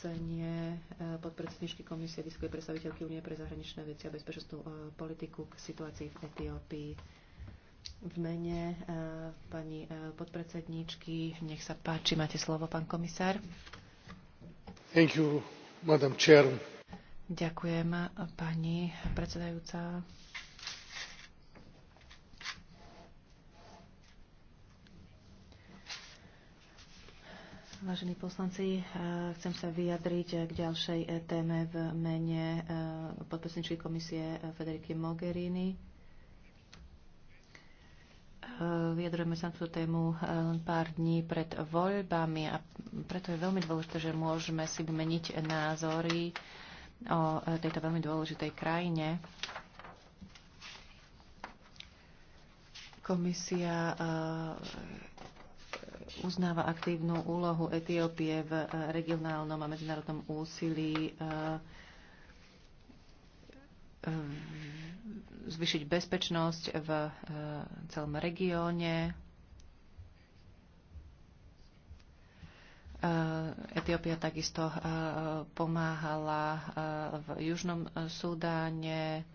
vyhlásenie e, podpredsedničky komisie Vysokej predstaviteľky Únie pre zahraničné veci a bezpečnostnú e, politiku k situácii v Etiópii. V mene e, pani podpredsedničky, nech sa páči, máte slovo, pán komisár. Thank you, madam chair. Ďakujem, pani predsedajúca. Vážení poslanci, e, chcem sa vyjadriť k ďalšej e, téme v mene e, podpredsedničky komisie Federiky Mogherini. Vyjadrujeme sa na túto tému len pár dní pred voľbami a preto je veľmi dôležité, že môžeme si vymeniť názory o tejto veľmi dôležitej krajine. Komisia uznáva aktívnu úlohu Etiópie v eh, regionálnom a medzinárodnom úsilí eh, eh, zvyšiť bezpečnosť v celom regióne. Etiópia takisto pomáhala v Južnom Súdáne,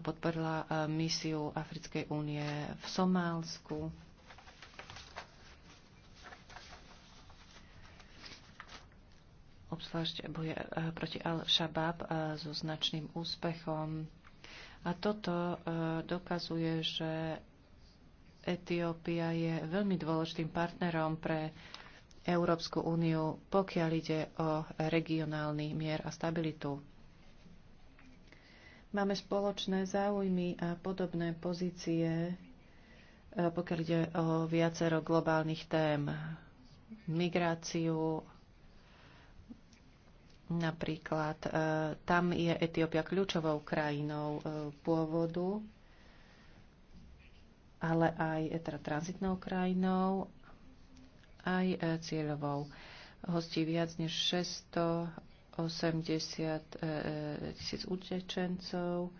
podporila misiu Africkej únie v Somálsku. obzvlášť boje eh, proti Al-Shabaab eh, so značným úspechom. A toto eh, dokazuje, že Etiópia je veľmi dôležitým partnerom pre Európsku úniu, pokiaľ ide o regionálny mier a stabilitu. Máme spoločné záujmy a podobné pozície, pokiaľ ide o viacero globálnych tém. Migráciu, Napríklad e, tam je Etiópia kľúčovou krajinou e, pôvodu, ale aj e, teda tranzitnou krajinou, aj cieľovou. Hostí viac než 680 tisíc utečencov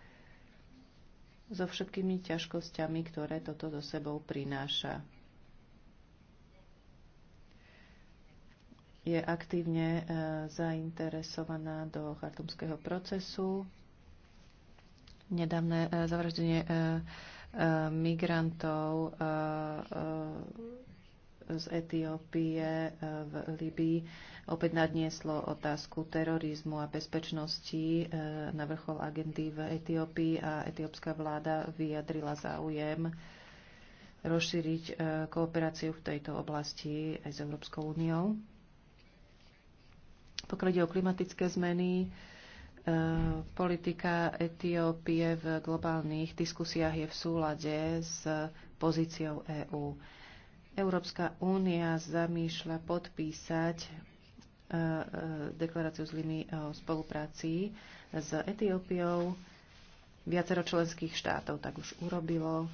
so všetkými ťažkosťami, ktoré toto so sebou prináša. je aktívne e, zainteresovaná do chartumského procesu. Nedávne e, zavraždenie e, migrantov z Etiópie v Libii opäť nadnieslo otázku terorizmu a bezpečnosti na vrchol agendy v Etiópii a etiópska vláda vyjadrila záujem rozšíriť kooperáciu v tejto oblasti aj s Európskou úniou. Pokiaľ ide o klimatické zmeny, e, politika Etiópie v globálnych diskusiách je v súlade s pozíciou EÚ. Európska únia zamýšľa podpísať e, e, deklaráciu z Limy o spolupráci s Etiópiou. Viacero členských štátov tak už urobilo.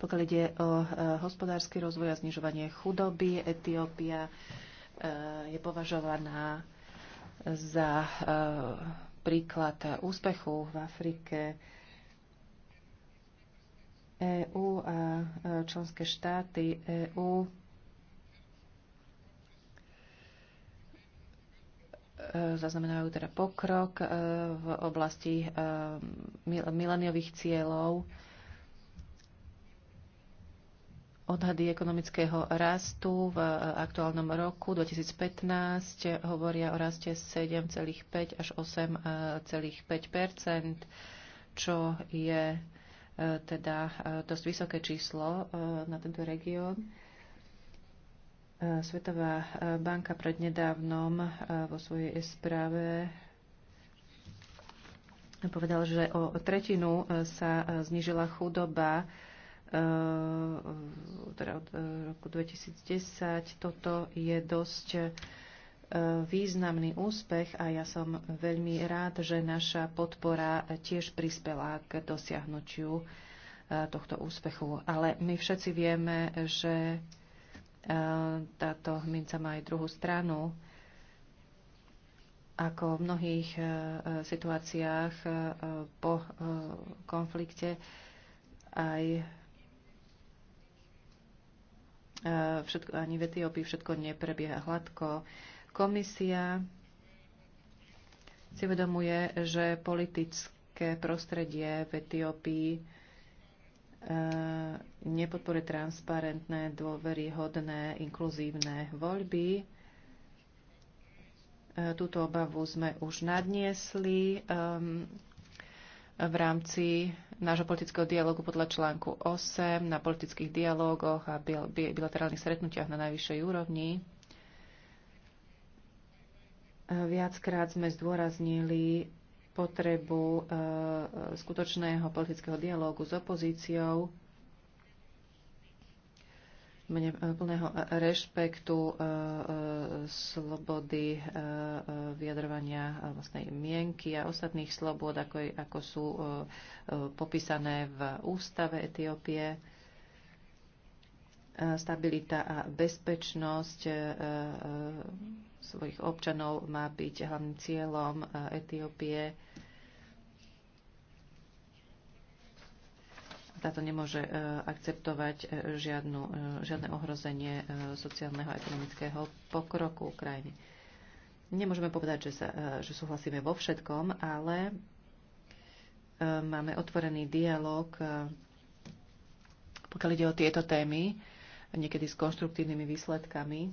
Pokiaľ ide o hospodársky rozvoj a znižovanie chudoby, Etiópia Eh, je považovaná za eh, príklad úspechu v Afrike. EÚ a eh, členské štáty EU zaznamenajú teda pokrok v oblasti mileniových cieľov Odhady ekonomického rastu v aktuálnom roku 2015 hovoria o raste 7,5 až 8,5 čo je e, teda e, dosť vysoké číslo e, na tento región. Svetová banka prednedávnom vo svojej správe povedal, že o tretinu sa znížila chudoba Eh, teda od eh, roku 2010. Toto je dosť eh, významný úspech a ja som veľmi rád, že naša podpora tiež prispela k dosiahnutiu tohto úspechu. Ale my všetci vieme, že táto minca má aj druhú stranu. Ako v mnohých situáciách po konflikte aj Eh, všetko, ani v Etiópii všetko neprebieha hladko. Komisia si uvedomuje, že politické prostredie v Etiópii eh, nepodporuje transparentné, dôveryhodné, inkluzívne voľby. Eh, túto obavu sme už nadniesli ehm, v rámci nášho politického dialogu podľa článku 8 na politických dialógoch a bilaterálnych stretnutiach na najvyššej úrovni. E, viackrát sme zdôraznili potrebu e, e, skutočného politického dialógu s opozíciou mene e, plného e, rešpektu, e, slobody vyjadrovania vlastnej mienky a ostatných slobod, ako, ako sú popísané v ústave Etiópie. Stabilita a bezpečnosť svojich občanov má byť hlavným cieľom Etiópie táto nemôže e, akceptovať e, žiadnu, e, žiadne ohrozenie sociálneho a ekonomického pokroku krajiny. Nemôžeme povedať, že, sa, že súhlasíme vo všetkom, ale máme otvorený dialog, pokiaľ ide o tieto témy, niekedy s konštruktívnymi výsledkami.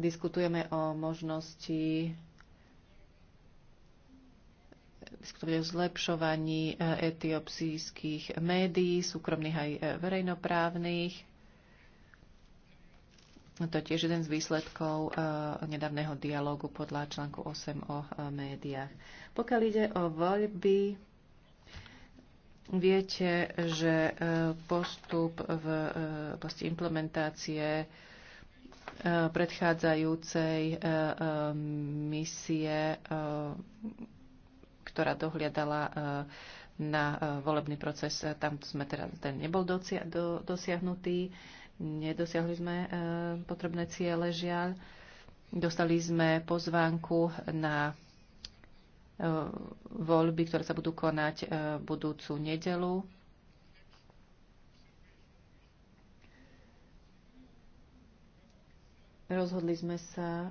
Diskutujeme o možnosti diskutovať o zlepšovaní eh, etiopsijských médií, súkromných aj eh, verejnoprávnych. No to je tiež jeden z výsledkov eh, nedávneho dialógu podľa článku 8 o médiách. Pokiaľ ide o voľby, viete, že postup v posti implementácie predchádzajúcej misie ktorá dohliadala e, na e, volebný proces. Tam sme teda, ten nebol dosia, do, dosiahnutý, nedosiahli sme e, potrebné ciele, žiaľ. Dostali sme pozvánku na voľby, ktoré sa budú konať budúcu nedelu. Rozhodli sme sa,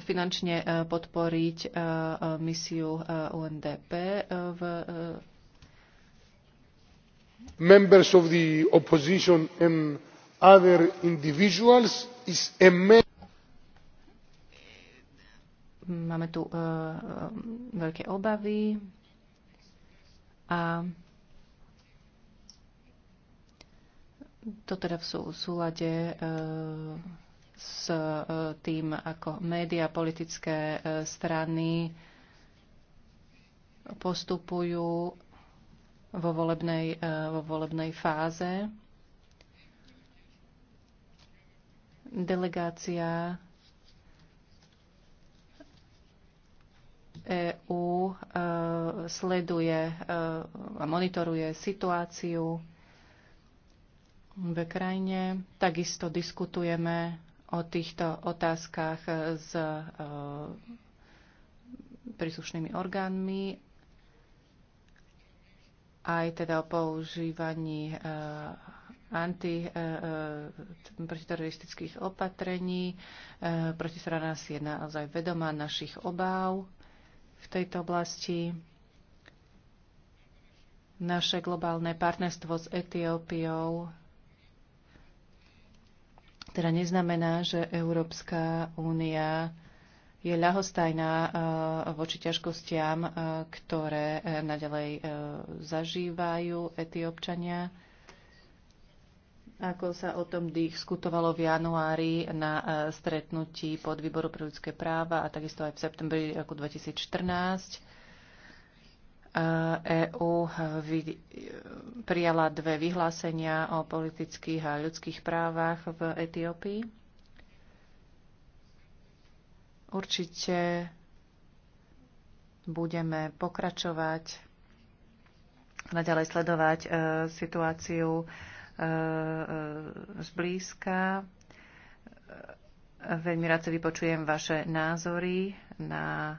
finančne e, podporiť e, e, misiu UNDP v members of the opposition and other individuals is a man- Máme tu uh, veľké obavy a to teda v súlade uh, s e, tým, ako médiá, politické e, strany postupujú vo volebnej, e, vo volebnej fáze. Delegácia EÚ sleduje a monitoruje situáciu v krajine. Takisto diskutujeme o týchto otázkach s e, príslušnými orgánmi aj teda o používaní e, antiteroristických e, opatrení. Protistrana nás je naozaj vedomá našich obáv v tejto oblasti. Naše globálne partnerstvo s Etiópiou teda neznamená, že Európska únia je ľahostajná e, voči ťažkostiam, e, ktoré e, nadalej zažívajú etiópčania. Ako sa o tom diskutovalo v januári na stretnutí pod výboru pre ľudské práva a takisto aj v septembri roku 2014, EÚ prijala dve vyhlásenia o politických a ľudských právach v Etiópii. Určite budeme pokračovať, naďalej sledovať situáciu zblízka. Veľmi rád sa vypočujem vaše názory na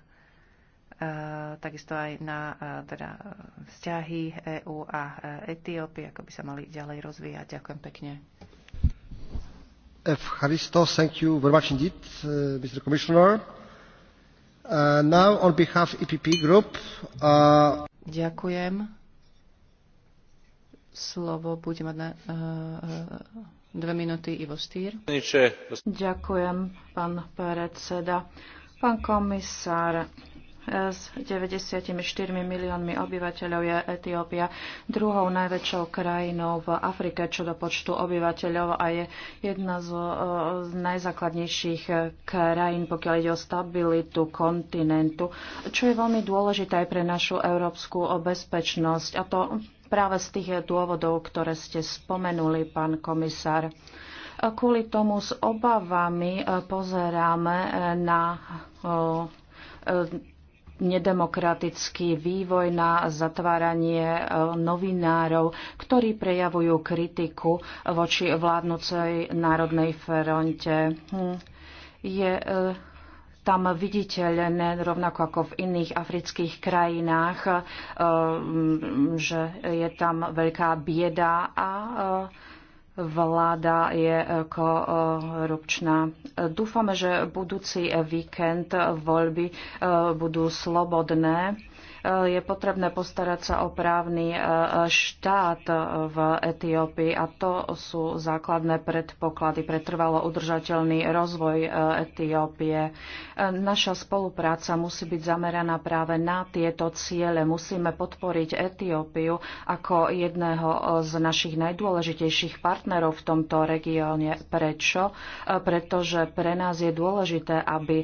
Eh, takisto aj na eh, teda, vzťahy EÚ a eh, Etiópie, ako by sa mali ďalej rozvíjať. Ďakujem pekne. F. Christos, thank you very much indeed, uh, Mr. Commissioner. Uh, now on behalf EPP Group. Uh... Ďakujem. Slovo bude mať na, uh, dve minúty Ivo Stýr. Ďakujem, pán predseda. Pán komisár, s 94 miliónmi obyvateľov je Etiópia druhou najväčšou krajinou v Afrike čo do počtu obyvateľov a je jedna z, z najzákladnejších krajín, pokiaľ ide o stabilitu kontinentu, čo je veľmi dôležité aj pre našu európsku bezpečnosť a to práve z tých dôvodov, ktoré ste spomenuli, pán komisár. Kvôli tomu s obavami e, pozeráme e, na e, nedemokratický vývoj na zatváranie e, novinárov, ktorí prejavujú kritiku voči vládnucej Národnej fronte. Hm. Je e, tam viditeľné, rovnako ako v iných afrických krajinách, e, že je tam veľká bieda a vláda je e, korupčná. Dúfame, že budúci víkend voľby e, budú slobodné je potrebné postarať sa o právny e, štát e, v Etiópii a to sú základné predpoklady pre trvalo udržateľný rozvoj e, Etiópie. Naša spolupráca musí byť zameraná práve na tieto ciele. Musíme podporiť Etiópiu ako jedného z našich najdôležitejších partnerov v tomto regióne. Prečo? Pretože pre nás je dôležité, aby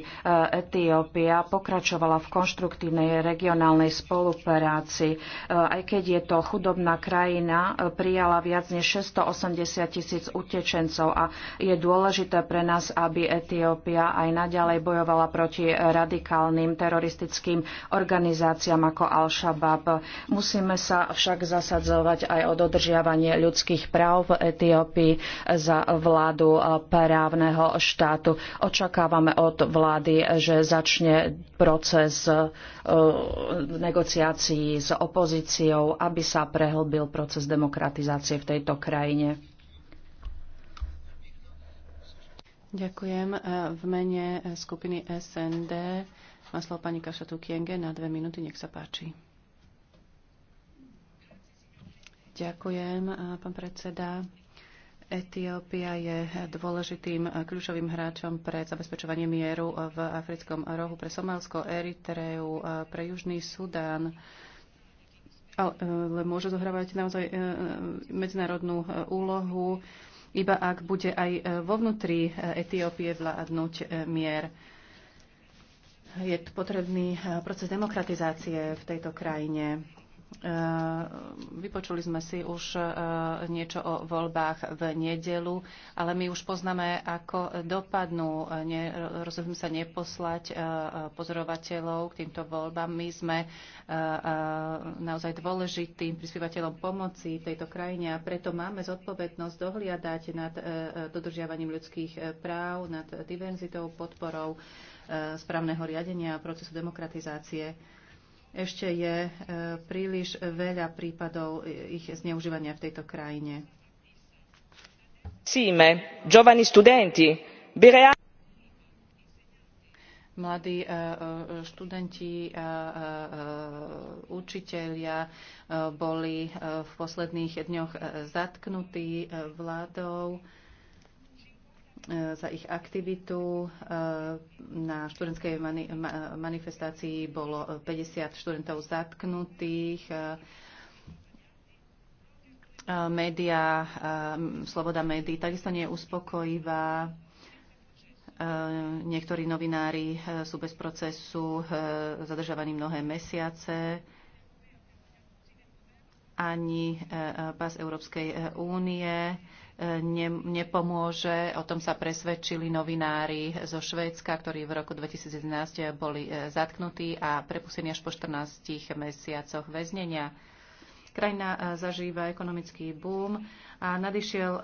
Etiópia pokračovala v konštruktívnej regionálnej medzinárodnej spolupráci. E, aj keď je to chudobná krajina, e, prijala viac než 680 tisíc utečencov a je dôležité pre nás, aby Etiópia aj naďalej bojovala proti radikálnym teroristickým organizáciám ako Al-Shabaab. Musíme sa však zasadzovať aj o dodržiavanie ľudských práv v Etiópii za vládu e, právneho štátu. Očakávame od vlády, že začne proces negociácií s opozíciou, aby sa prehlbil proces demokratizácie v tejto krajine. Ďakujem. V mene skupiny SND má slovo pani Kašatu Kienge na dve minúty. Nech sa páči. Ďakujem, pán predseda. Etiópia je dôležitým eh, kľúčovým hráčom pre zabezpečovanie mieru eh, v africkom rohu pre Somálsko, Eritreu, eh, pre Južný Sudán. Ale môže zohrávať naozaj medzinárodnú úlohu, iba ak bude aj vo vnútri Etiópie vládnuť mier. Je potrebný proces demokratizácie v tejto krajine Ehm, vypočuli sme si už ehm, niečo o voľbách v nedelu, ale my už poznáme, ako dopadnú. Rozhodneme sa neposlať ehm, pozorovateľov k týmto voľbám. My sme naozaj dôležitým prispievateľom pomoci tejto krajine a preto máme zodpovednosť dohliadať nad dodržiavaním ľudských práv, nad diverzitou, podporou správneho riadenia a procesu demokratizácie ešte je e, príliš veľa prípadov e, ich zneužívania v tejto krajine. Mladí študenti a učitelia boli v posledných dňoch e, zatknutí vládou. E, za ich aktivitu. E, na študentskej manifestácii bolo 50 e, študentov zatknutých. Média, sloboda médií takisto nie je uspokojivá. Niektorí novinári sú bez procesu zadržovaní mnohé mesiace ani e, e, pás Európskej e, únie ne, nepomôže. O tom sa presvedčili novinári zo Švédska, ktorí v roku 2011 boli zatknutí a prepustení až po 14 mesiacoch väznenia. Krajina zažíva ekonomický boom a nadišiel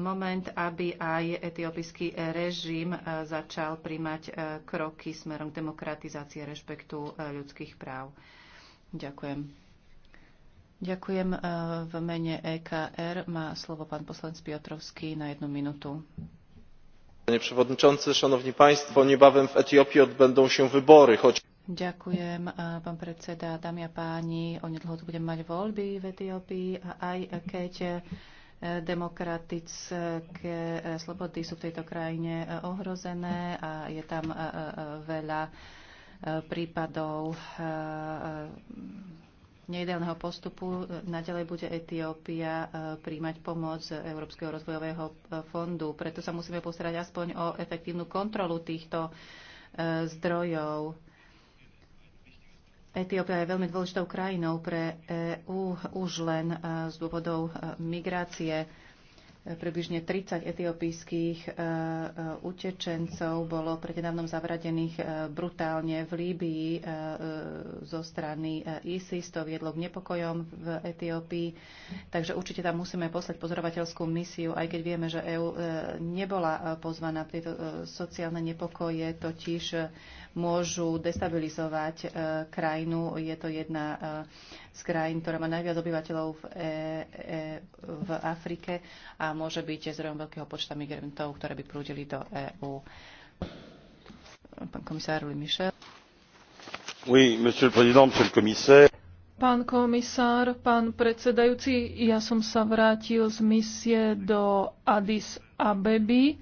moment, aby aj etiopijský režim začal príjmať kroky smerom demokratizácie rešpektu ľudských práv. Ďakujem. Ďakujem. E, v mene EKR má slovo pán poslanec Piotrovský na jednu minútu. Panie przewodniczący, szanowni państwo, niebawem w Etiopii odbędą się wybory, choć Ďakujem, e, pán predseda, dámy a páni. Onedlho tu budeme mať voľby v Etiópii a aj keď e, demokratické slobody sú v tejto krajine ohrozené a je tam veľa prípadov nedávneho postupu naďalej bude Etiópia e, príjmať pomoc Európskeho rozvojového e, fondu. Preto sa musíme postarať aspoň o efektívnu kontrolu týchto e, zdrojov. Etiópia je veľmi dôležitou krajinou pre EÚ už len z dôvodov migrácie. Približne 30 etiópijských e, e, utečencov bolo prednedávnom zavradených e, brutálne v Líbii zo strany ISIS. To viedlo k nepokojom v Etiópii. Takže určite tam musíme poslať pozorovateľskú misiu, aj keď vieme, že EÚ nebola pozvaná. Tieto sociálne nepokoje totiž môžu destabilizovať e, krajinu. Je to jedna e, z krajín, ktorá má najviac obyvateľov v, e, v Afrike a môže byť zdrojom veľkého počta migrantov, ktoré by prúdili do EÚ. Pán komisár Louis Michel. Oui, monsieur le président, monsieur le commissaire. Pán komisár, pán predsedajúci, ja som sa vrátil z misie do Addis Abeby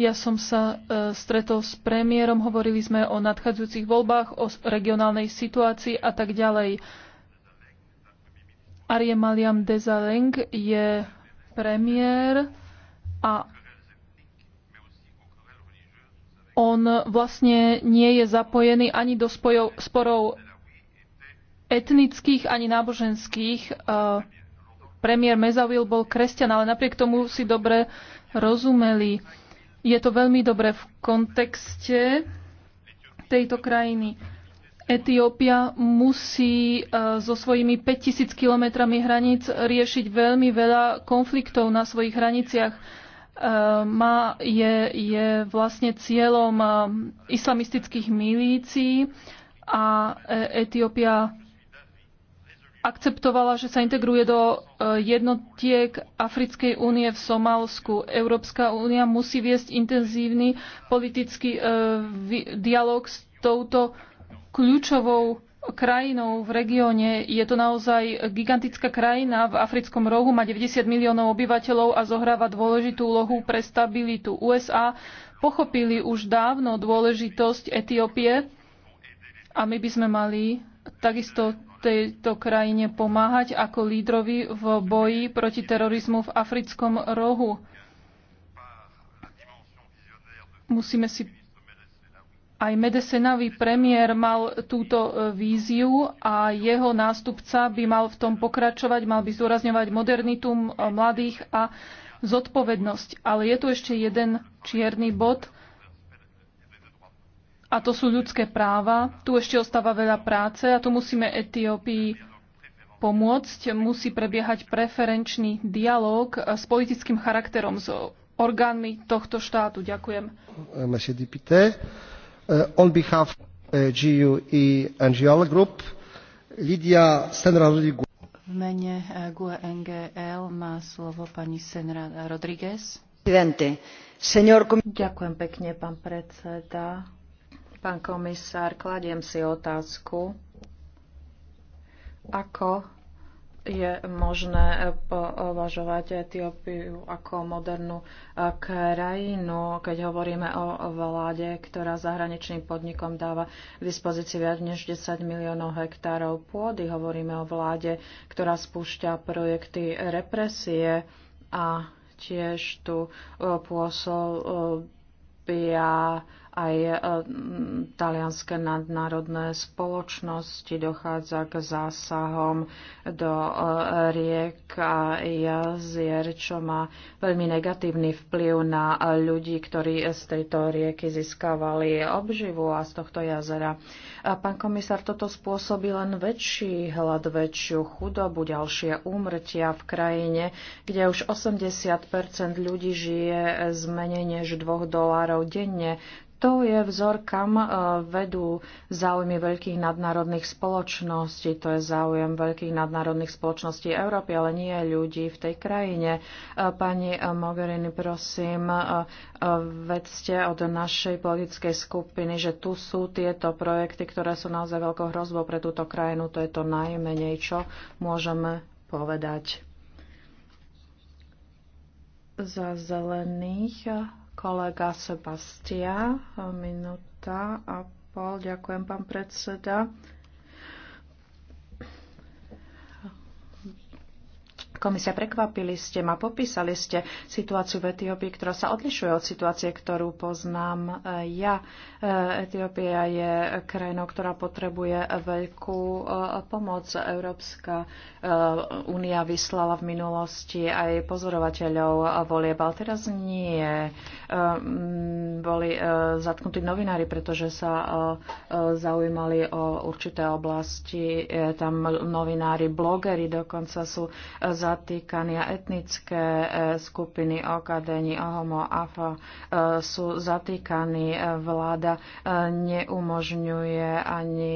ja som sa e, stretol s premiérom, hovorili sme o nadchádzajúcich voľbách, o regionálnej situácii a tak ďalej. Arie Maliam Desaleng je premiér a on vlastne nie je zapojený ani do spojov, sporov etnických, ani náboženských. E, premiér Mezawil bol kresťan, ale napriek tomu si dobre rozumeli. Je to veľmi dobre v kontexte tejto krajiny. Etiópia musí e, so svojimi 5000 kilometrami hraníc riešiť veľmi veľa konfliktov na svojich hraniciach. E, má, je, je vlastne cieľom e, islamistických milícií a Etiópia akceptovala, že sa integruje do e, jednotiek Africkej únie v Somálsku. Európska únia musí viesť intenzívny politický e, dialog s touto kľúčovou krajinou v regióne. Je to naozaj gigantická krajina v africkom rohu, má 90 miliónov obyvateľov a zohráva dôležitú úlohu pre stabilitu. USA pochopili už dávno dôležitosť Etiópie a my by sme mali takisto tejto krajine pomáhať ako lídrovi v boji proti terorizmu v africkom rohu. Musíme si aj Medesenavý premiér mal túto e, víziu a jeho nástupca by mal v tom pokračovať, mal by zdôrazňovať modernitu e, mladých a zodpovednosť. Ale je tu ešte jeden čierny bod, a to sú ľudské práva. Tu ešte ostáva veľa práce a tu musíme Etiópii pomôcť. Musí prebiehať preferenčný dialog e, s politickým charakterom, s orgánmi tohto štátu. Ďakujem. Euh, euh, on behalf euh, GU i e NGL Group, Lidia Senra V mene e, GUE NGL má slovo pani Senra Rodriguez. Ďakujem pekne, pán predseda Pán komisár, kladiem si otázku, ako je možné považovať Etiópiu ako modernú eh, krajinu, keď hovoríme o vláde, ktorá zahraničným podnikom dáva k dispozícii viac než 10 miliónov hektárov pôdy. Hovoríme o vláde, ktorá spúšťa projekty represie a tiež tu eh, pôsobia aj e, talianské nadnárodné spoločnosti dochádza k zásahom do e, riek a jazier, čo má veľmi negatívny vplyv na e, ľudí, ktorí z tejto rieky získavali obživu a z tohto jazera. A pán komisár, toto spôsobí len väčší hlad, väčšiu chudobu, ďalšie úmrtia v krajine, kde už 80 ľudí žije z menej než 2 dolárov denne to je vzor, kam e, vedú záujmy veľkých nadnárodných spoločností. To je záujem veľkých nadnárodných spoločností Európy, ale nie ľudí v tej krajine. E, pani e, Mogherini, prosím, vedzte od našej politickej skupiny, že tu sú tieto projekty, ktoré sú naozaj veľkou hrozbou pre túto krajinu. To je to najmenej, čo môžeme povedať. Za zelených Kolega Sebastia, minúta a pol. Ďakujem, pán predseda. komisia, prekvapili ste ma, popísali ste situáciu v Etiópii, ktorá sa odlišuje od situácie, ktorú poznám eh, ja. Eh, Etiópia je krajinou, ktorá potrebuje veľkú eh, pomoc. Európska únia vyslala v minulosti aj pozorovateľov volieb, ale teraz nie. Mm, boli zatknutí novinári, pretože sa zaujímali o určité oblasti. Tam novinári, blogeri dokonca sú za zatýkania etnické eh, skupiny okadení, homo, afa eh, sú zatýkaní. Eh, vláda neumožňuje ani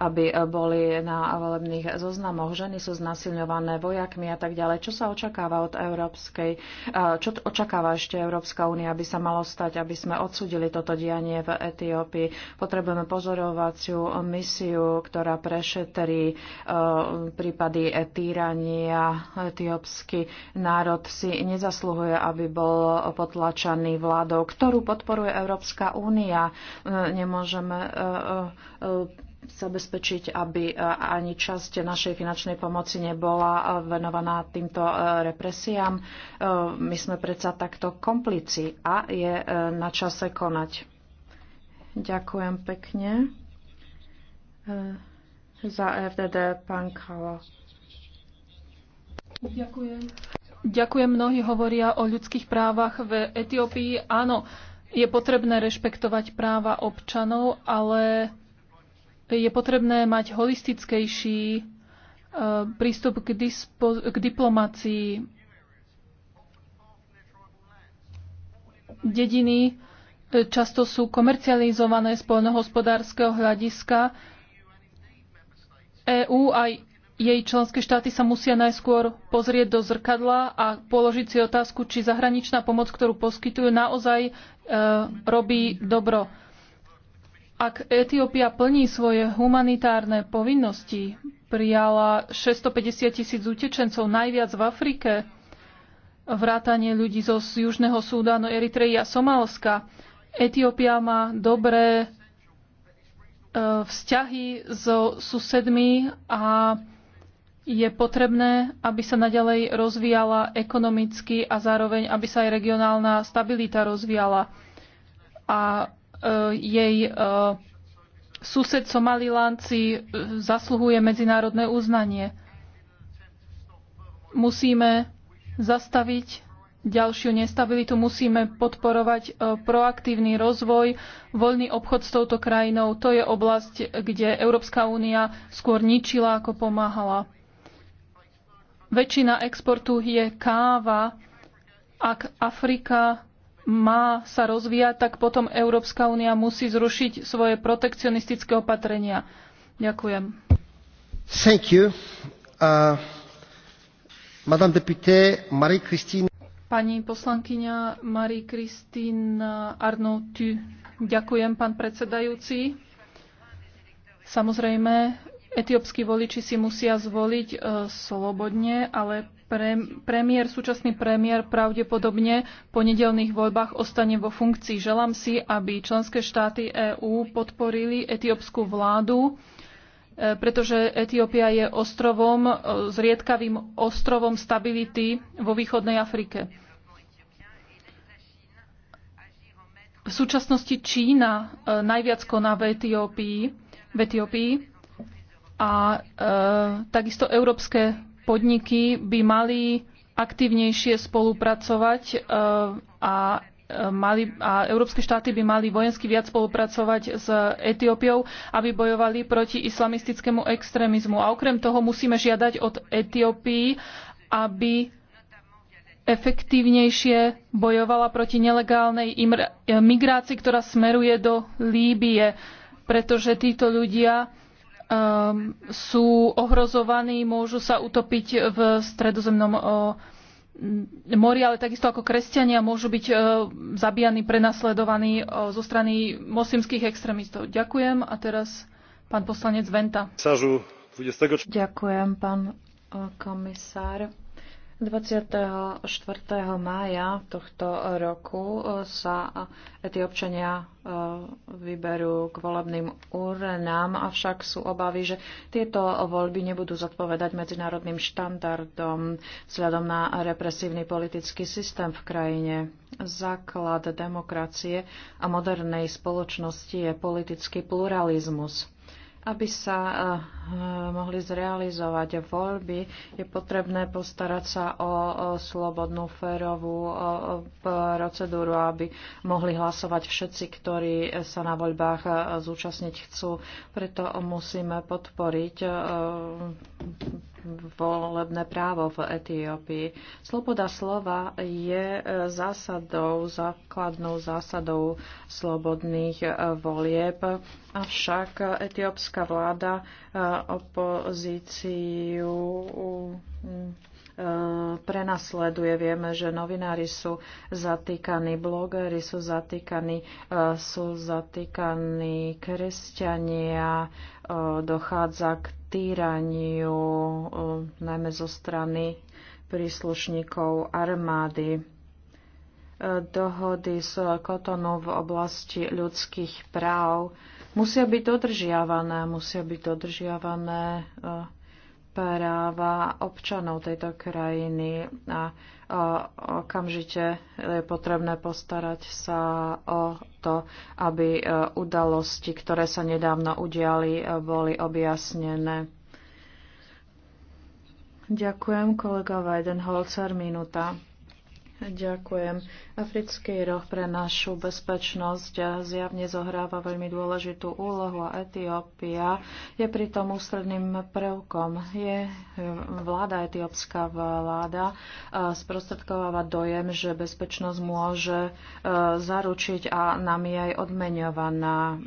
aby eh, boli na volebných zoznamoch. Ženy sú znasilňované vojakmi a tak ďalej. Čo sa očakáva od Európskej, eh, čo očakáva ešte Európska únia, aby sa malo stať, aby sme odsudili toto dianie v Etiópii? Potrebujeme pozorovaciu misiu, ktorá prešetrí eh, prípady týrania. Etiópsky národ si nezasluhuje, aby bol potlačaný vládou, ktorú podporuje Európska únia. Nemôžeme zabezpečiť, aby e, ani časť našej finančnej pomoci nebola e, venovaná týmto e, represiám. My sme predsa takto komplici a je na čase konať. Ďakujem pekne. Za FDD pán Kala. Ďakujem. Ďakujem. Mnohí hovoria o ľudských právach v Etiópii. Áno, je potrebné rešpektovať práva občanov, ale je potrebné mať holistickejší eh, prístup k, dispo- k diplomácii. Dediny eh, často sú komercializované z poľnohospodárskeho hľadiska. EÚ a jej členské štáty sa musia najskôr pozrieť do zrkadla a položiť si otázku, či zahraničná pomoc, ktorú poskytujú, naozaj e, robí dobro. Ak Etiópia plní svoje humanitárne povinnosti, prijala 650 tisíc utečencov najviac v Afrike, vrátanie ľudí zo Južného Súdánu, Eritreji a Somálska. Etiópia má dobré e, vzťahy so susedmi a je potrebné, aby sa naďalej rozvíjala ekonomicky a zároveň, aby sa aj regionálna stabilita rozvíjala. A Eh, jej eh, sused Somaliland si eh, zasluhuje medzinárodné uznanie. Musíme zastaviť ďalšiu nestabilitu, musíme podporovať proaktívny rozvoj, voľný obchod s touto krajinou. To je oblasť, kde Európska únia skôr ničila, ako pomáhala. Väčšina exportu je káva. Ak Afrika má sa rozvíjať, tak potom Európska únia musí zrušiť svoje protekcionistické opatrenia. Ďakujem. Thank you. Uh, Madame deputé Marie-Christine. Pani poslankyňa Marie-Christine Arnautu. Ďakujem, pán predsedajúci. Samozrejme, etiópsky voliči si musia zvoliť uh, slobodne, ale pre, premiér, súčasný premiér pravdepodobne po nedelných voľbách ostane vo funkcii. Želám si, aby členské štáty EÚ podporili etiópsku vládu, e, pretože Etiópia je ostrovom, e, zriedkavým ostrovom stability vo východnej Afrike. V súčasnosti Čína e, najviac koná v Etiópii, v Etiópii a e, takisto európske podniky by mali aktívnejšie spolupracovať e, a e, mali, a európske štáty by mali vojensky viac spolupracovať s Etiópiou, aby bojovali proti islamistickému extrémizmu. A okrem toho musíme žiadať od Etiópii, aby efektívnejšie bojovala proti nelegálnej e, migrácii, ktorá smeruje do Líbie, pretože títo ľudia um, sú ohrozovaní, môžu sa utopiť v stredozemnom uh, mori, ale takisto ako kresťania môžu byť uh, zabíjani, prenasledovaní uh, zo strany moslimských extrémistov. Ďakujem a teraz pán poslanec Venta. Ďakujem, pán e, komisár. 24. mája tohto roku sa tí občania e, vyberú k volebným urnám, avšak sú obavy, že tieto voľby nebudú zodpovedať medzinárodným štandardom vzhľadom na represívny politický systém v krajine. Základ demokracie a modernej spoločnosti je politický pluralizmus. Aby sa eh, eh, mohli zrealizovať voľby, je potrebné postarať sa o slobodnú, férovú procedúru, aby mohli hlasovať všetci, ktorí sa na voľbách eh, zúčastniť chcú. Preto musíme podporiť volebné právo v Etiópii. Sloboda slova je e, zásadou, základnou zásadou slobodných e, volieb, avšak etiópska vláda e, opozíciu prenasleduje. Vieme, že novinári sú zatýkaní, blogery sú zatýkaní, sú zatýkaní kresťania, dochádza k týraniu, eh, najmä zo strany príslušníkov armády. Eh, dohody z Kotonou v oblasti ľudských práv musia byť dodržiavané, musia byť dodržiavané eh, práva občanov tejto krajiny a okamžite je potrebné postarať sa o to, aby e, udalosti, ktoré sa nedávno udiali, e, boli objasnené. Ďakujem, kolega Weidenholzer, minúta. Ďakujem. Africký roh pre našu bezpečnosť zjavne zohráva veľmi dôležitú úlohu a Etiópia je pritom ústredným prvkom. Je vláda, etiópska vláda, eh, sprostredkováva dojem, že bezpečnosť môže eh, zaručiť a nám je aj odmeňovaná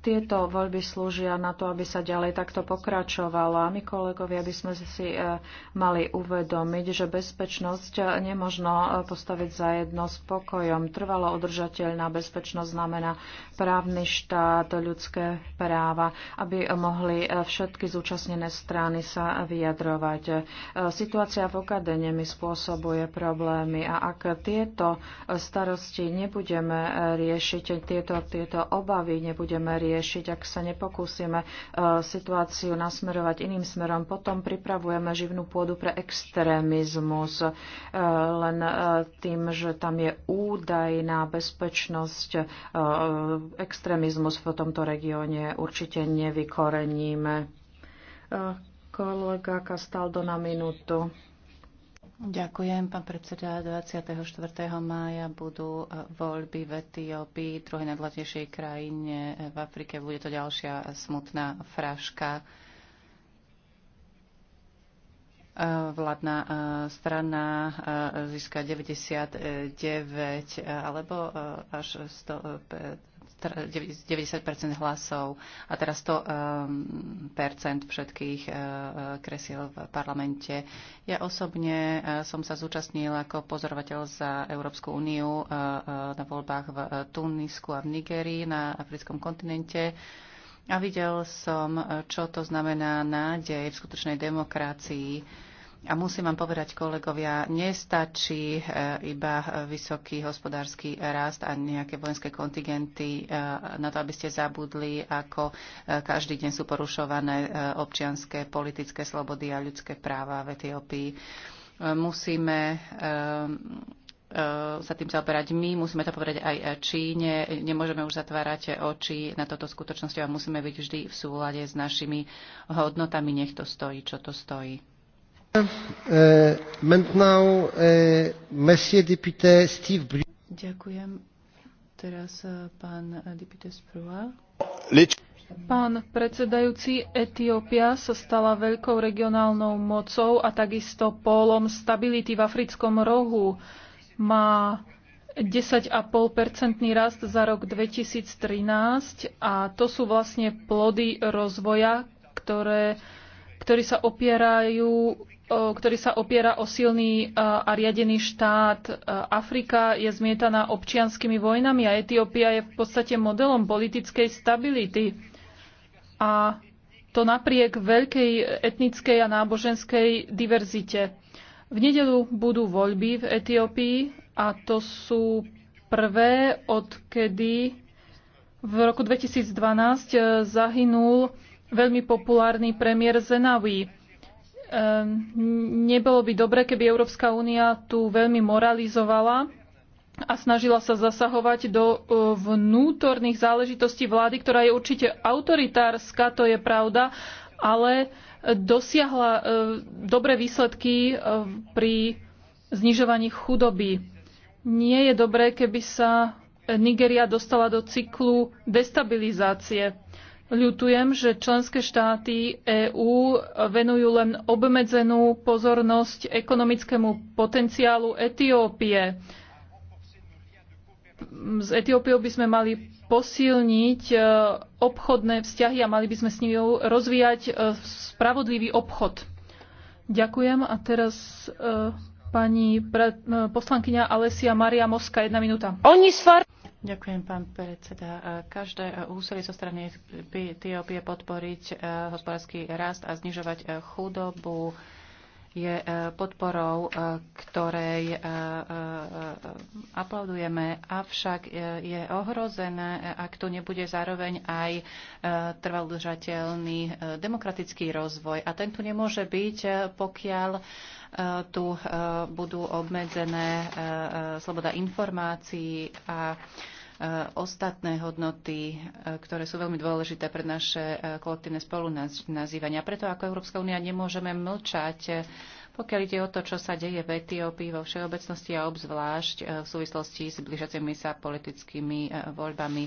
tieto voľby slúžia na to, aby sa ďalej takto pokračovalo. A my, kolegovia, aby sme si e, mali uvedomiť, že bezpečnosť nemožno e, postaviť za jedno s pokojom. Trvalo udržateľná bezpečnosť znamená právny štát, ľudské práva, aby mohli e, všetky zúčastnené strany sa vyjadrovať. Situácia v Okadene mi spôsobuje problémy a ak tieto starosti nebudeme riešiť, tieto, tieto obavy nebudeme riešiť, riešiť, ak sa nepokúsime e, situáciu nasmerovať iným smerom. Potom pripravujeme živnú pôdu pre extrémizmus. E, len e, tým, že tam je údajná bezpečnosť, extrémizmus v tomto regióne určite nevykoreníme. Kolega Kastaldo na minútu. Ďakujem, pán predseda. 24. mája budú e, voľby v Etiópii, druhej najdlatejšej krajine e, v Afrike. Bude to ďalšia smutná fraška. E, vládna strana získa 99 alebo až 100 90 hlasov a teraz 100 ehm, všetkých e, e, kresiel v parlamente. Ja osobne e, som sa zúčastnil ako pozorovateľ za Európsku úniu na voľbách v Tunisku a v Nigerii na africkom kontinente. A videl som, čo to znamená nádej v skutočnej demokracii a musím vám povedať, kolegovia, nestačí e, iba vysoký hospodársky rast a nejaké vojenské kontingenty e, na to, aby ste zabudli, ako e, každý deň sú porušované občianské, politické slobody a ľudské práva v Etiópii. Musíme sa tým zaoberať my, musíme to povedať aj Číne, nemôžeme už zatvárať oči na toto skutočnosť a musíme byť vždy v súlade s našimi hodnotami, nech to stojí, čo to stojí. Uh, uh, Ďakujem. Teraz uh, pán deputé Sprua. Pán predsedajúci, Etiópia sa stala veľkou regionálnou mocou a takisto pólom stability v africkom rohu. Má 10,5-percentný rast za rok 2013 a to sú vlastne plody rozvoja, ktoré, ktorí sa opierajú ktorý sa opiera o silný e, a riadený štát. E, Afrika je zmietaná občianskými vojnami a Etiópia je v podstate modelom politickej stability. A to napriek veľkej etnickej a náboženskej diverzite. V nedelu budú voľby v Etiópii a to sú prvé, odkedy v roku 2012 e, zahynul veľmi populárny premiér Zenawi. Ehm, nebolo by dobre, keby Európska únia tu veľmi moralizovala a snažila sa zasahovať do e, vnútorných záležitostí vlády, ktorá je určite autoritárska, to je pravda, ale dosiahla e, dobré výsledky e, pri znižovaní chudoby. Nie je dobré, keby sa Nigeria dostala do cyklu destabilizácie. Ľutujem, že členské štáty EÚ venujú len obmedzenú pozornosť ekonomickému potenciálu Etiópie. S Etiópiou by sme mali posilniť e, obchodné vzťahy a mali by sme s ním rozvíjať e, spravodlivý obchod. Ďakujem a teraz e, pani poslankyňa Alessia Maria Moska, jedna minúta. Oni svar- Ďakujem, pán predseda. E, Každé e, úsilie zo strany Etiópie podporiť e, hospodársky rast a znižovať chudobu je e, podporou, e, ktorej e, aplaudujeme, avšak je ohrozené, ak tu nebude zároveň aj trvalodržateľný demokratický rozvoj. A ten tu nemôže byť, pokiaľ tu budú obmedzené sloboda informácií a Eh, ostatné hodnoty, eh, ktoré sú veľmi dôležité pre naše eh, kolektívne spolunazývania. Preto ako Európska únia nemôžeme mlčať, pokiaľ ide o to, čo sa deje v Etiópii vo všeobecnosti a obzvlášť v súvislosti s blížacimi sa politickými voľbami.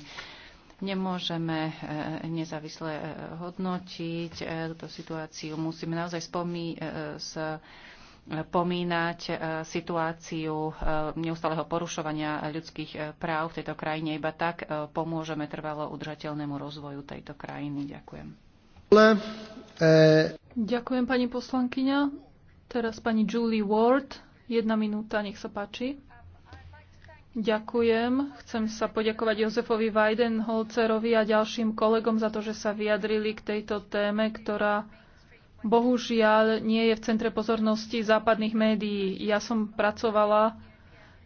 Nemôžeme nezávisle hodnotiť túto situáciu. Musíme naozaj spomínať pomínať e, situáciu e, neustáleho porušovania ľudských e, práv v tejto krajine. Iba tak pomôžeme trvalo udržateľnému rozvoju tejto krajiny. Ďakujem. Ďakujem, pani poslankyňa. Teraz pani Julie Ward. Jedna minúta, nech sa páči. Ďakujem. Chcem sa poďakovať Jozefovi Weidenholcerovi a ďalším kolegom za to, že sa vyjadrili k tejto téme, ktorá bohužiaľ nie je v centre pozornosti západných médií. Ja som pracovala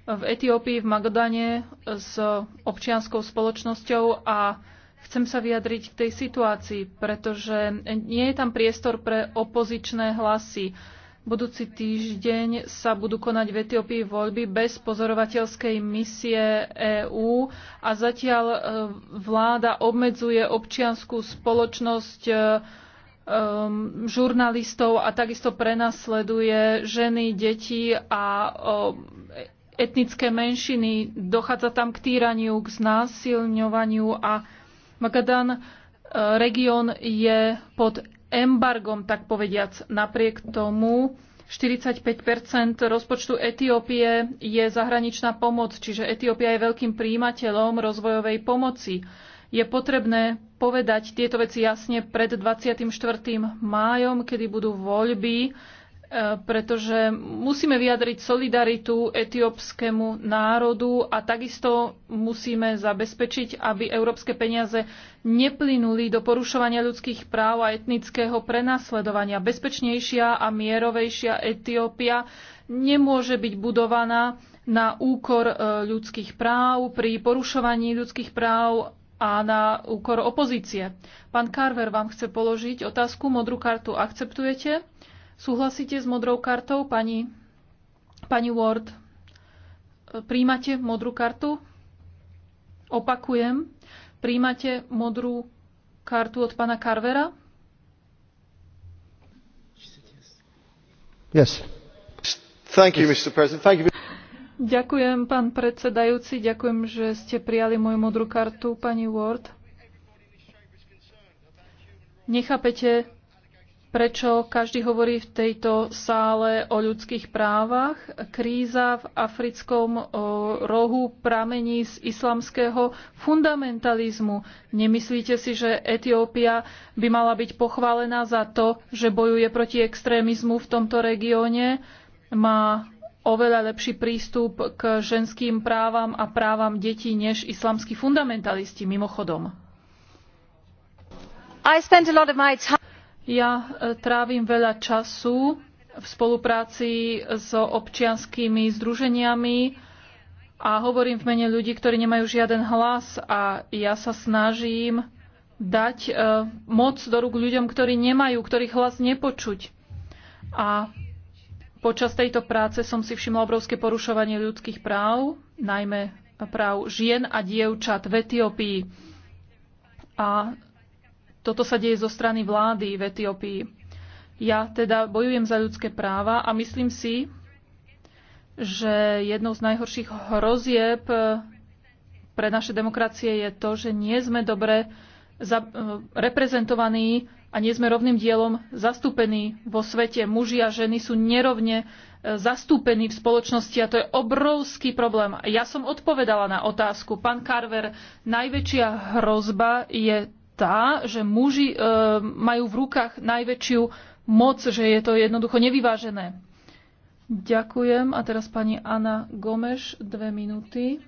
v Etiópii, v Magodane s občianskou spoločnosťou a chcem sa vyjadriť k tej situácii, pretože nie je tam priestor pre opozičné hlasy. Budúci týždeň sa budú konať v Etiópii voľby bez pozorovateľskej misie EÚ a zatiaľ e, vláda obmedzuje občianskú spoločnosť e, um, žurnalistov a takisto prenasleduje ženy, deti a um, etnické menšiny. Dochádza tam k týraniu, k znásilňovaniu a Magadan uh, región je pod embargom, tak povediac. Napriek tomu 45 rozpočtu Etiópie je zahraničná pomoc, čiže Etiópia je veľkým príjimateľom rozvojovej pomoci je potrebné povedať tieto veci jasne pred 24. májom, kedy budú voľby, e, pretože musíme vyjadriť solidaritu etiópskemu národu a takisto musíme zabezpečiť, aby európske peniaze neplynuli do porušovania ľudských práv a etnického prenasledovania. Bezpečnejšia a mierovejšia Etiópia nemôže byť budovaná na úkor e, ľudských práv, pri porušovaní ľudských práv a na úkor opozície. Pán Carver vám chce položiť otázku. Modrú kartu akceptujete? Súhlasíte s modrou kartou, pani, pani Ward? Príjmate modrú kartu? Opakujem. Príjmate modrú kartu od pána Carvera? Yes. Thank you, Mr. President. Thank you. Ďakujem, pán predsedajúci. Ďakujem, že ste prijali moju modrú kartu, pani Ward. Nechápete, prečo každý hovorí v tejto sále o ľudských právach. Kríza v africkom rohu pramení z islamského fundamentalizmu. Nemyslíte si, že Etiópia by mala byť pochválená za to, že bojuje proti extrémizmu v tomto regióne? Má oveľa lepší prístup k ženským právam a právam detí než islamskí fundamentalisti mimochodom. Ja e, trávim veľa času v spolupráci s občianskými združeniami a hovorím v mene ľudí, ktorí nemajú žiaden hlas a ja sa snažím dať e, moc do rúk ľuďom, ktorí nemajú, ktorých hlas nepočuť. A Počas tejto práce som si všimla obrovské porušovanie ľudských práv, najmä práv žien a dievčat v Etiópii. A toto sa deje zo strany vlády v Etiópii. Ja teda bojujem za ľudské práva a myslím si, že jednou z najhorších hrozieb pre naše demokracie je to, že nie sme dobre reprezentovaní a nie sme rovným dielom zastúpení vo svete. Muži a ženy sú nerovne e, zastúpení v spoločnosti a to je obrovský problém. Ja som odpovedala na otázku. Pán Carver, najväčšia hrozba je tá, že muži e, majú v rukách najväčšiu moc, že je to jednoducho nevyvážené. Ďakujem. A teraz pani Anna Gomeš, dve minúty.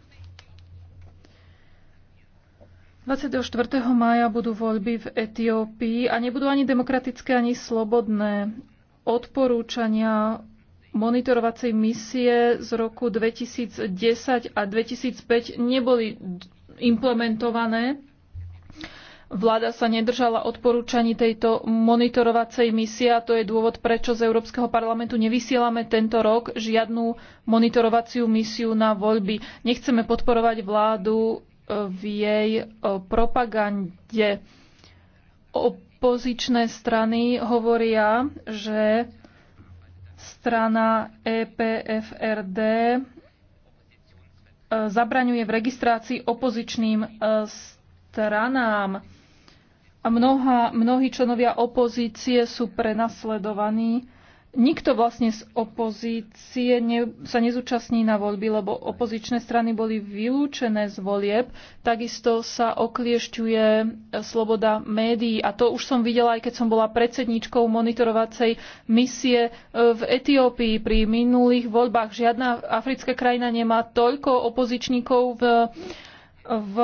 24. mája budú voľby v Etiópii a nebudú ani demokratické, ani slobodné. Odporúčania monitorovacej misie z roku 2010 a 2005 neboli implementované. Vláda sa nedržala odporúčaní tejto monitorovacej misie a to je dôvod, prečo z Európskeho parlamentu nevysielame tento rok žiadnu monitorovaciu misiu na voľby. Nechceme podporovať vládu v jej e, propagande. Opozičné strany hovoria, že strana EPFRD e, zabraňuje v registrácii opozičným e, stranám. Mnoha, mnohí členovia opozície sú prenasledovaní Nikto vlastne z opozície ne, sa nezúčastní na voľby, lebo opozičné strany boli vylúčené z volieb. Takisto sa okliešťuje e, sloboda médií. A to už som videla, aj keď som bola predsedníčkou monitorovacej misie e, v Etiópii pri minulých voľbách. Žiadna africká krajina nemá toľko opozičníkov v, v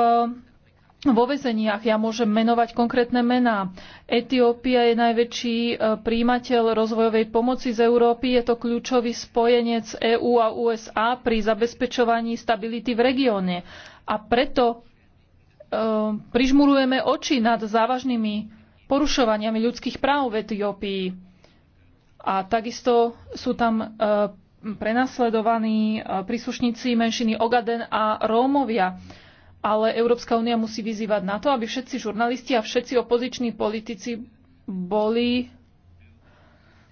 vo vezeniach. Ja môžem menovať konkrétne mená. Etiópia je najväčší e, príjimateľ rozvojovej pomoci z Európy. Je to kľúčový spojenec EÚ a USA pri zabezpečovaní stability v regióne. A preto e, prižmurujeme oči nad závažnými porušovaniami ľudských práv v Etiópii. A takisto sú tam e, prenasledovaní e, príslušníci menšiny Ogaden a Rómovia ale Európska únia musí vyzývať na to, aby všetci žurnalisti a všetci opoziční politici boli,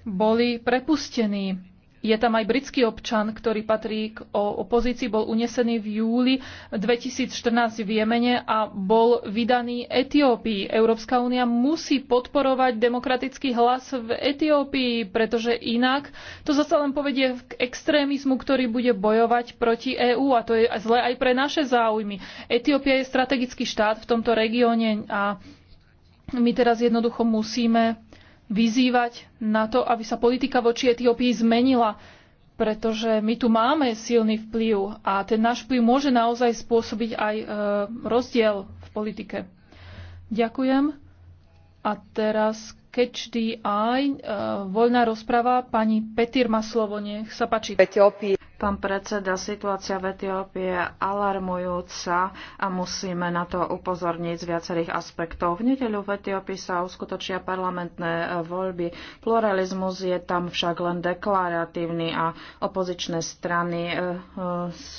boli prepustení. Je tam aj britský občan, ktorý patrí k opozícii, bol unesený v júli 2014 v Jemene a bol vydaný Etiópii. Európska únia musí podporovať demokratický hlas v Etiópii, pretože inak to zase len povedie k extrémizmu, ktorý bude bojovať proti EÚ a to je zle aj pre naše záujmy. Etiópia je strategický štát v tomto regióne a my teraz jednoducho musíme vyzývať na to, aby sa politika voči Etiópii zmenila, pretože my tu máme silný vplyv a ten náš vplyv môže naozaj spôsobiť aj e, rozdiel v politike. Ďakujem. A teraz Catch the Eye, e, voľná rozprava. Pani Petir má slovo, nech sa páči. Etiópii. Pán predseda, situácia v Etiópii je alarmujúca a musíme na to upozorniť z viacerých aspektov. V nedeľu v Etiópii sa uskutočia parlamentné e, voľby. Pluralizmus je tam však len deklaratívny a opozičné strany e, e,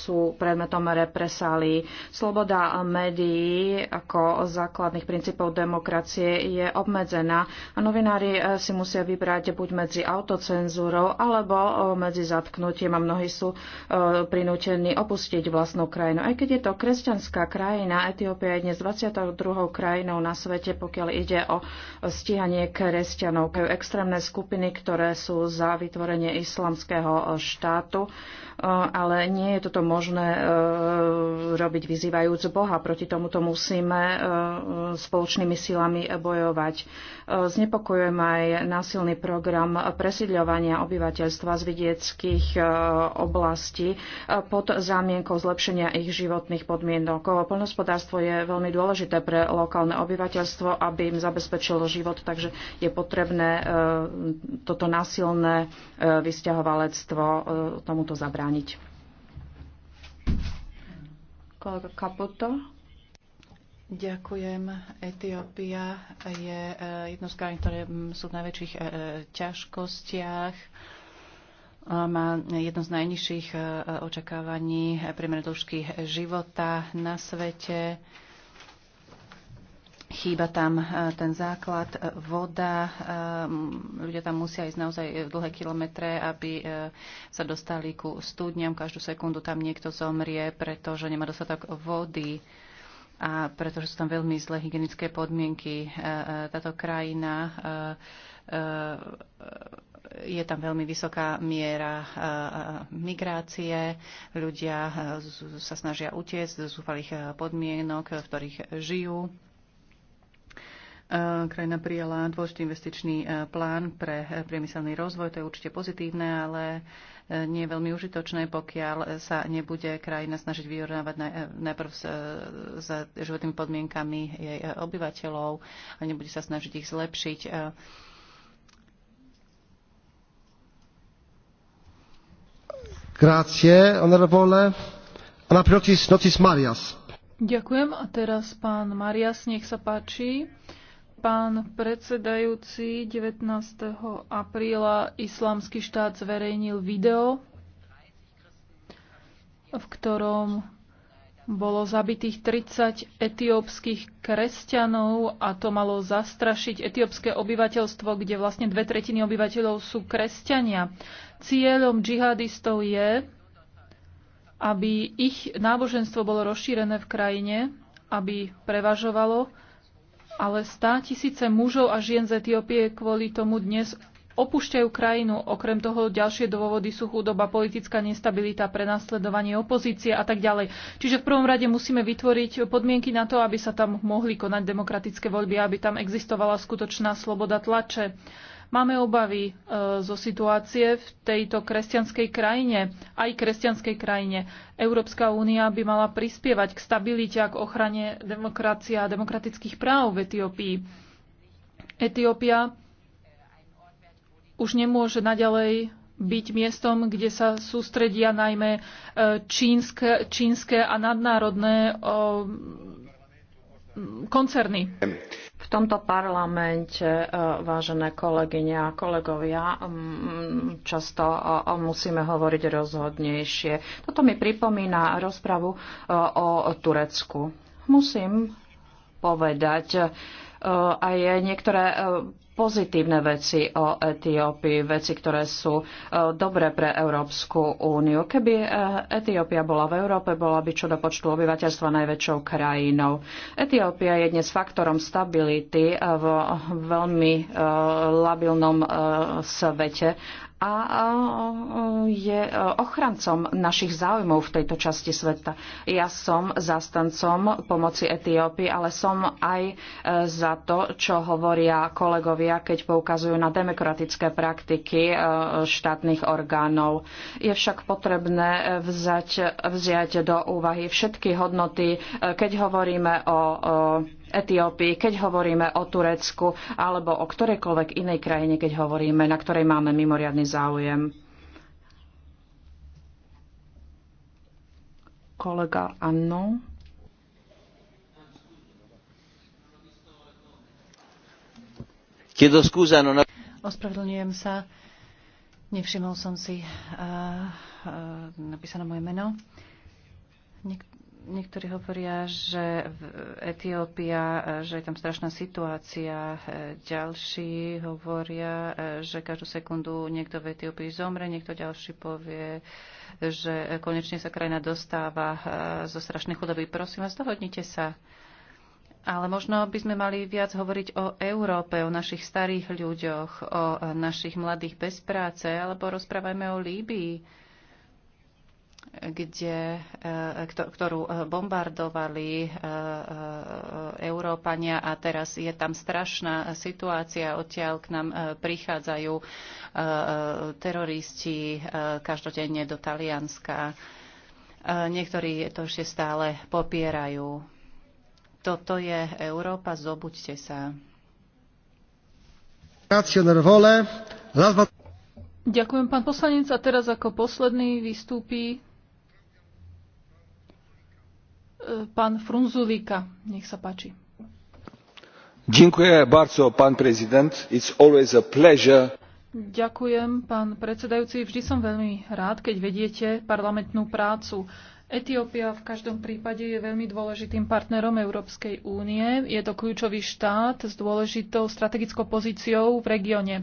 sú predmetom represálí. Sloboda médií ako základných princípov demokracie je obmedzená a novinári si musia vybrať buď medzi autocenzúrou alebo medzi zatknutím a mnohí sú Eh, prinútení opustiť vlastnú krajinu. Aj keď je to kresťanská krajina, Etiópia je dnes 22. krajinou na svete, pokiaľ ide o stíhanie kresťanov. Extrémne skupiny, ktoré sú za vytvorenie islamského štátu, eh, ale nie je toto možné eh, robiť vyzývajúc Boha. Proti tomuto musíme spoločnými silami bojovať. Znepokojujem aj násilný program presidľovania obyvateľstva z vidieckých obcí oblasti e, pod zámienkou zlepšenia ich životných podmienok. Poľnohospodárstvo je veľmi dôležité pre lokálne obyvateľstvo, aby im zabezpečilo život, takže je potrebné e, toto násilné e, vysťahovalectvo tomuto zabrániť. Kolega Kaputo. Ďakujem. Etiópia je jednou z krajín, ktoré sú v najväčších ťažkostiach má jedno z najnižších e, očakávaní priemer dĺžky života na svete. Chýba tam e, ten základ, e, voda. Ľudia tam musia ísť naozaj dlhé kilometre, aby sa dostali ku studňam. Každú sekundu tam niekto zomrie, pretože nemá dostatok vody a pretože sú tam veľmi zlé hygienické podmienky. Táto krajina je tam veľmi vysoká miera eh, eh, migrácie, ľudia eh, sa snažia utiecť zo zúfalých podmienok, v ktorých žijú. Krajina prijala dôležitý investičný plán pre priemyselný rozvoj, to je určite pozitívne, ale nie je veľmi užitočné, pokiaľ sa nebude krajina snažiť vyrovnávať najprv s životnými podmienkami jej obyvateľov a nebude sa snažiť ich zlepšiť Grazie, notis Marias. Ďakujem. A teraz pán Marias, nech sa páči. Pán predsedajúci, 19. apríla Islamský štát zverejnil video, v ktorom bolo zabitých 30 etiópskych kresťanov a to malo zastrašiť etiópske obyvateľstvo, kde vlastne dve tretiny obyvateľov sú kresťania. Cieľom džihadistov je, aby ich náboženstvo bolo rozšírené v krajine, aby prevažovalo, ale stá tisíce mužov a žien z Etiópie kvôli tomu dnes opúšťajú krajinu. Okrem toho ďalšie dôvody sú chudoba, politická nestabilita, prenasledovanie opozície a tak ďalej. Čiže v prvom rade musíme vytvoriť podmienky na to, aby sa tam mohli konať demokratické voľby, aby tam existovala skutočná sloboda tlače. Máme obavy e, zo situácie v tejto kresťanskej krajine, aj kresťanskej krajine. Európska únia by mala prispievať k stabilite a k ochrane demokracie a demokratických práv v Etiópii. Etiópia už nemôže naďalej byť miestom, kde sa sústredia najmä e, čínske, čínske a nadnárodné koncerny. V tomto parlamente, e, vážené kolegyne a kolegovia, často musíme hovoriť rozhodnejšie. Toto mi pripomína rozpravu e, o Turecku. Musím povedať, aj niektoré pozitívne veci o Etiópii, veci, ktoré sú e, dobré pre Európsku úniu. Keby e, Etiópia bola v Európe, bola by čo do počtu obyvateľstva najväčšou krajinou. Etiópia je dnes faktorom stability e, v veľmi labilnom svete a je ochrancom našich záujmov v tejto časti sveta. Ja som zastancom pomoci Etiópii, ale som aj za to, čo hovoria kolegovia sudcovia, keď poukazujú na demokratické praktiky e, štátnych orgánov. Je však potrebné vzať, vziať do úvahy všetky hodnoty, e, keď hovoríme o Etiópii, keď hovoríme o Turecku alebo o ktorejkoľvek inej krajine, keď hovoríme, na ktorej máme mimoriadný záujem. Kolega Anno. No Ospravedlňujem sa. Nevšimol som si uh, uh, napísané moje meno. Niek- niektorí hovoria, že v Etiópia, eh, že je tam strašná situácia. Ďalší hovoria, že každú sekundu niekto v Etiópii zomre, niekto ďalší povie, že konečne sa krajina dostáva zo strašnej chudoby. Prosím vás, dohodnite sa. Ale možno by sme mali viac hovoriť o Európe, o našich starých ľuďoch, o našich mladých bez práce, alebo rozprávajme o Líbii, kde, e, ktorú e, bombardovali e, Európania a teraz je tam strašná situácia. Odtiaľ k nám prichádzajú teroristi každodenne do Talianska. Niektorí to ešte stále popierajú. Toto je Európa, zobuďte sa. Ďakujem, pán poslanec. A teraz ako posledný vystúpi e, pán frunzulíka. Nech sa páči. Ďakujem bardzo, pán prezident. It's always a pleasure. Ďakujem, pán predsedajúci. Vždy som veľmi rád, keď vediete parlamentnú prácu. Etiópia v každom prípade je veľmi dôležitým partnerom Európskej únie. Je to kľúčový štát s dôležitou strategickou pozíciou v regióne.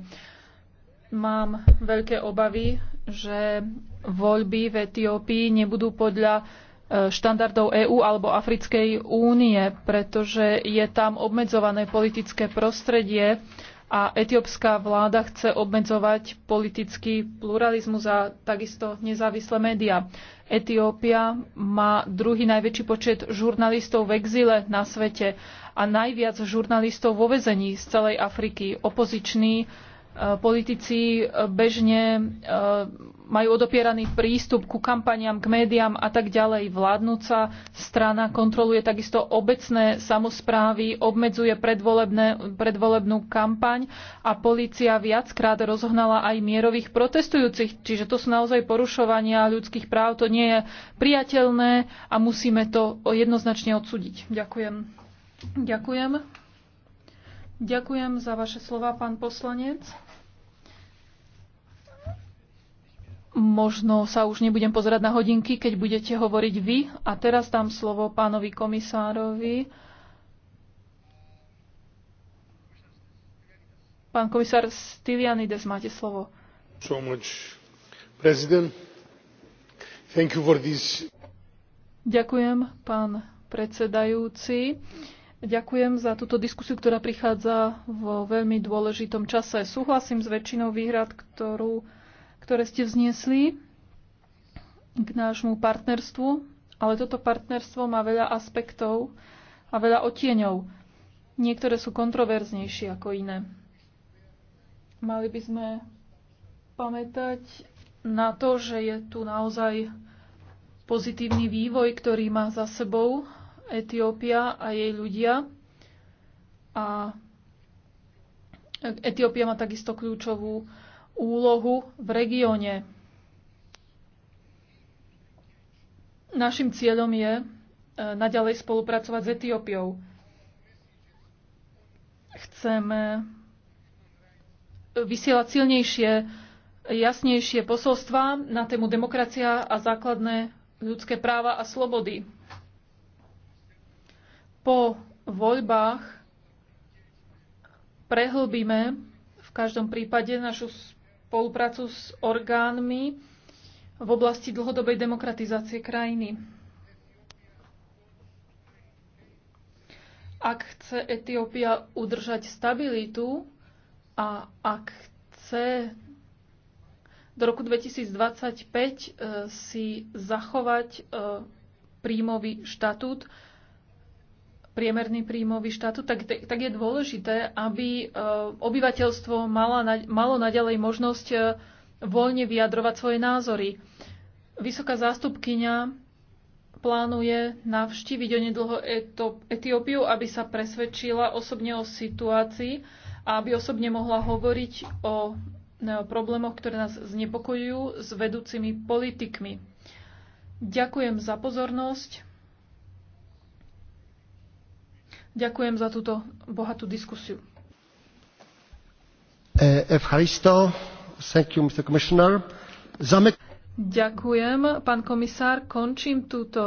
Mám veľké obavy, že voľby v Etiópii nebudú podľa e, štandardov EÚ alebo Africkej únie, pretože je tam obmedzované politické prostredie, a etiópska vláda chce obmedzovať politický pluralizmus a takisto nezávislé médiá. Etiópia má druhý najväčší počet žurnalistov v exile na svete a najviac žurnalistov vo vezení z celej Afriky. Opoziční eh, politici eh, bežne eh, majú odopieraný prístup ku kampaniám, k médiám a tak ďalej. Vládnúca strana kontroluje takisto obecné samozprávy, obmedzuje predvolebnú kampaň a polícia viackrát rozohnala aj mierových protestujúcich. Čiže to sú naozaj porušovania ľudských práv. To nie je priateľné a musíme to jednoznačne odsúdiť. Ďakujem. Ďakujem. Ďakujem za vaše slova, pán poslanec. Možno sa už nebudem pozerať na hodinky, keď budete hovoriť vy. A teraz dám slovo pánovi komisárovi. Pán komisár Stylianides, máte slovo. So much, president. Thank you for this. Ďakujem, pán predsedajúci. Ďakujem za túto diskusiu, ktorá prichádza vo veľmi dôležitom čase. Súhlasím s väčšinou výhrad, ktorú ktoré ste vzniesli k nášmu partnerstvu, ale toto partnerstvo má veľa aspektov a veľa otieňov. Niektoré sú kontroverznejšie ako iné. Mali by sme pamätať na to, že je tu naozaj pozitívny vývoj, ktorý má za sebou Etiópia a jej ľudia. A Etiópia má takisto kľúčovú úlohu v regióne. Našim cieľom je e, naďalej spolupracovať s Etiópiou. Chceme vysielať silnejšie, jasnejšie posolstva na tému demokracia a základné ľudské práva a slobody. Po voľbách prehlbíme v každom prípade našu spoluprácu s orgánmi v oblasti dlhodobej demokratizácie krajiny. Ak chce Etiópia udržať stabilitu a ak chce do roku 2025 eh, si zachovať eh, príjmový štatút, priemerný príjmový štátu, tak, tak je dôležité, aby e, obyvateľstvo mala, malo naďalej možnosť e, voľne vyjadrovať svoje názory. Vysoká zástupkyňa plánuje navštíviť onedlho Etiópiu, aby sa presvedčila osobne o situácii a aby osobne mohla hovoriť o e, problémoch, ktoré nás znepokojujú s vedúcimi politikmi. Ďakujem za pozornosť. Ďakujem za túto bohatú diskusiu. Eh, Ďakujem, pán komisár. Končím túto